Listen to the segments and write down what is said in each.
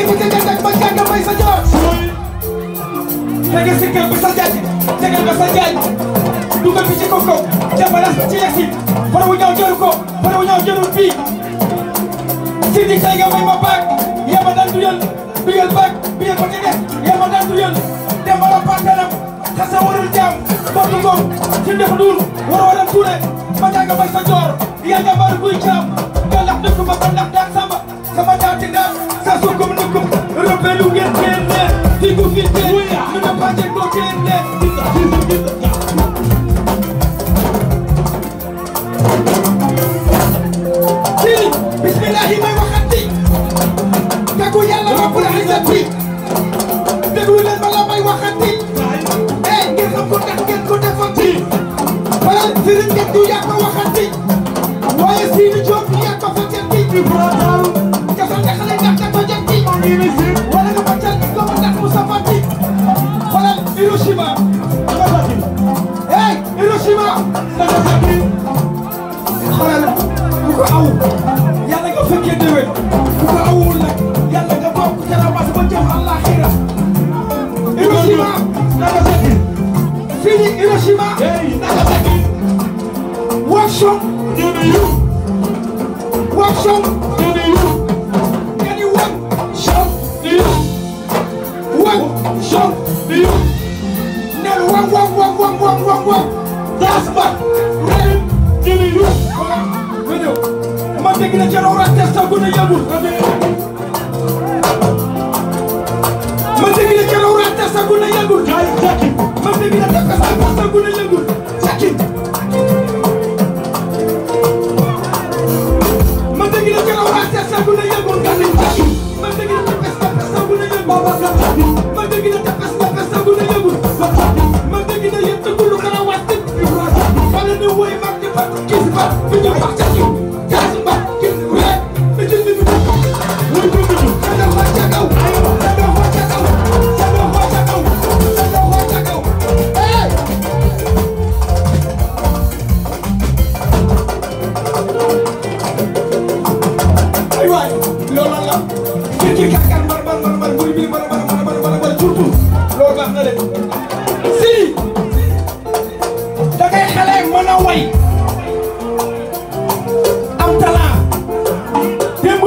que si te cantas marcando, mi señor. Llega sin que empezar ya, llega empezar ya. Nunca piche coco, ya para las chillas sí. Para buñar yo ruco, para buñar yo rupi. Si te caiga mi papá, ya para dar tu yon. Bigel back, bigel paquete, ya para dar tu yon. Ya para pasar, ya se vuelve el jam. Porto gom, sin dejo duro, wara wara ture. Majaga mi señor, ya ya para buñar. Ya la tuco, ma para la sama, sama ya te da. pelu ngeen génne diggu fi génne mën na bàjje ko génne sili bismillahi may waxati tegu yàlla rabbul izzati déglu leen bala may waxati eh ngeen xam ko tax ngeen ko defati wala sëriñ ngeen du yaa ko waxati waaye sili joob yaa ko fajati Hiroshima, Nagasaki. Workshop, workshop, can you work? Shop, work, shop, then work, work, work, work, work, work, work. That's what. Ready, give me you. Come on, take it at your own test. I'm gonna yell. Kasa guna yagul, kai jacking. Mami bila tak kasa, kasa guna yagul, jacking. na de si da ngay xale mën a way am talent démb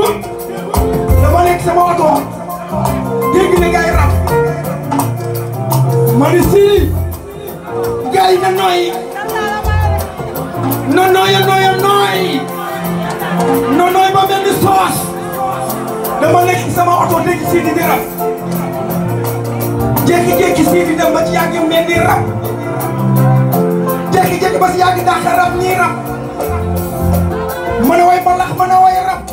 dama nekk sama oto dégg ne ngay rab ma ni si gars yi na nooy na nooy a nooy a nooy na nooy ba mel ni soos dama nekk sama oto dégg si di rab jékki-jékki sii di dem ba ci yàgg rab jékki-jékki ba si yàgg dàq rab nii rab rab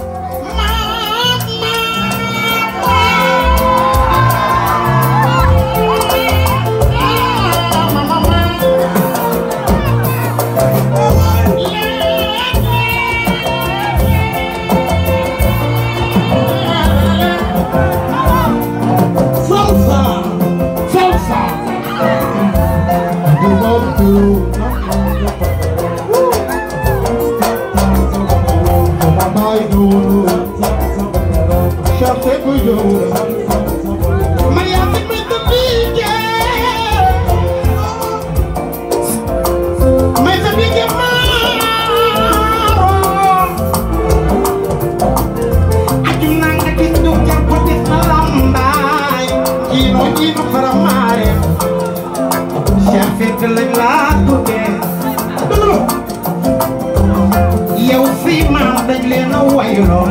sant lañ laa tuddee yow si maam dañ leen a wayloo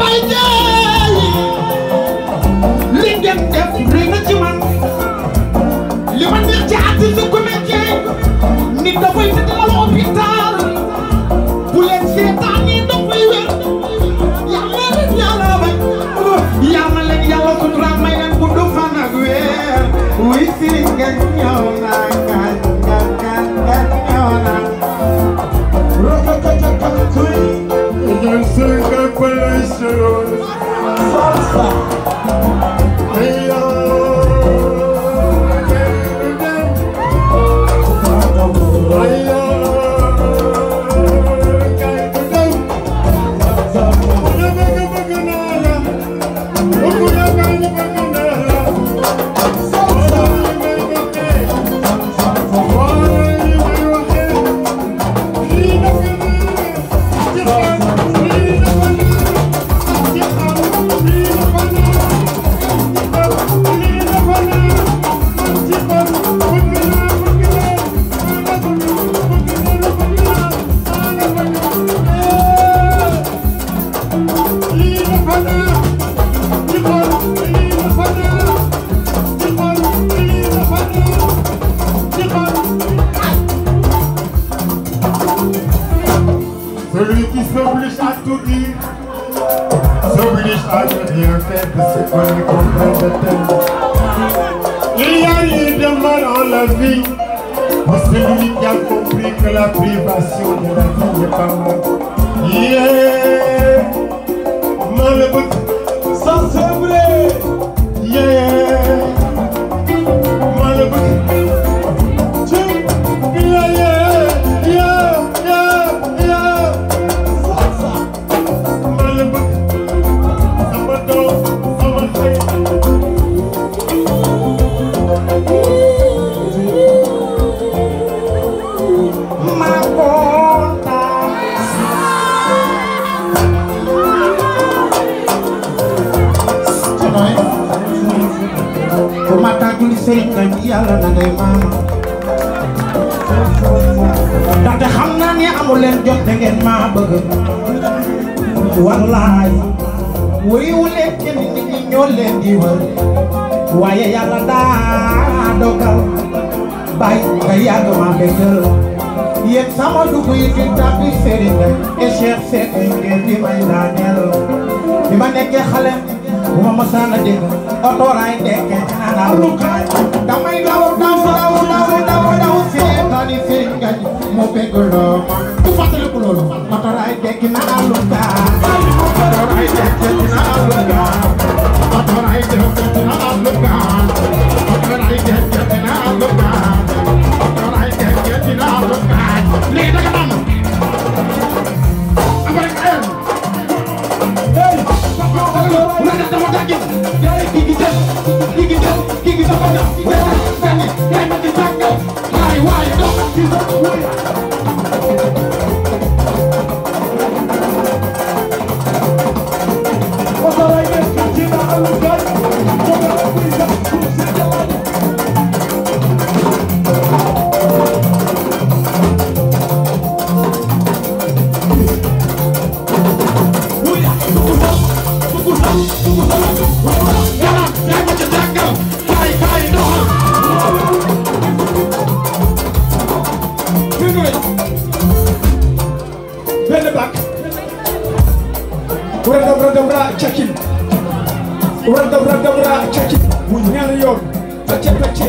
Mbaye Dièye Sing a police Celui qui s'oblige à tout dire s'oblige à ne rien faire de ce qu'on ne comprend de tel. Il y a eu des morts en la vie pour celui qui a compris que la privation de la vie n'est pas mal. Yeah. amu leen jot da ngeen maa bëgg wallaay wuriwu leen ci nit ñi ñoo leen di wër waaye yàlla daa dogal bàyyi nga yàgg maa bëggal yéen sama dugg yi di tàbbi sëriñ la et Cheikh Seck di may daaneel bi ma nekkee xale bu ma mosaan a dégg oto raay nekkee naan damay daw beguloo ku fàttaliku loolu motoraay dekki na aluka motoraay dekki na aluka He's a quitter. raddam raddam raa cacce ñaari yoon pacce pacce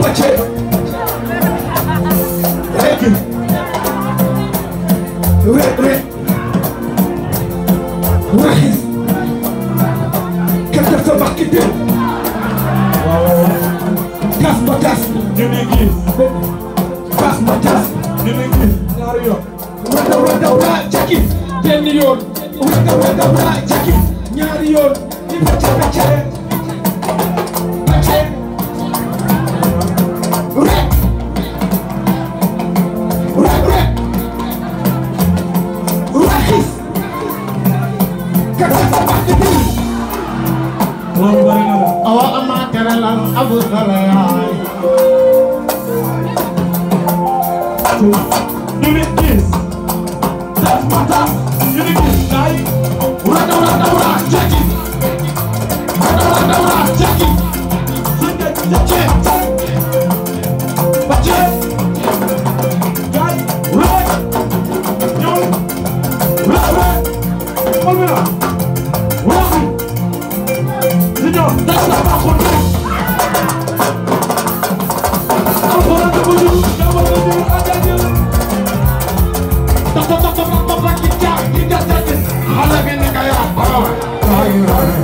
pacce reggi re re waxi ka def sa bakki dem tas ma tas tas ma tas ñaari yoon raddam raddam raa cacce benn yoon raddam raddam raa cacce ñaari yoon di pàcce pàcce pàcce rek rek rek raxis kaka sa bàcce bi moom bëri na awa ama tere lan abu dara All right.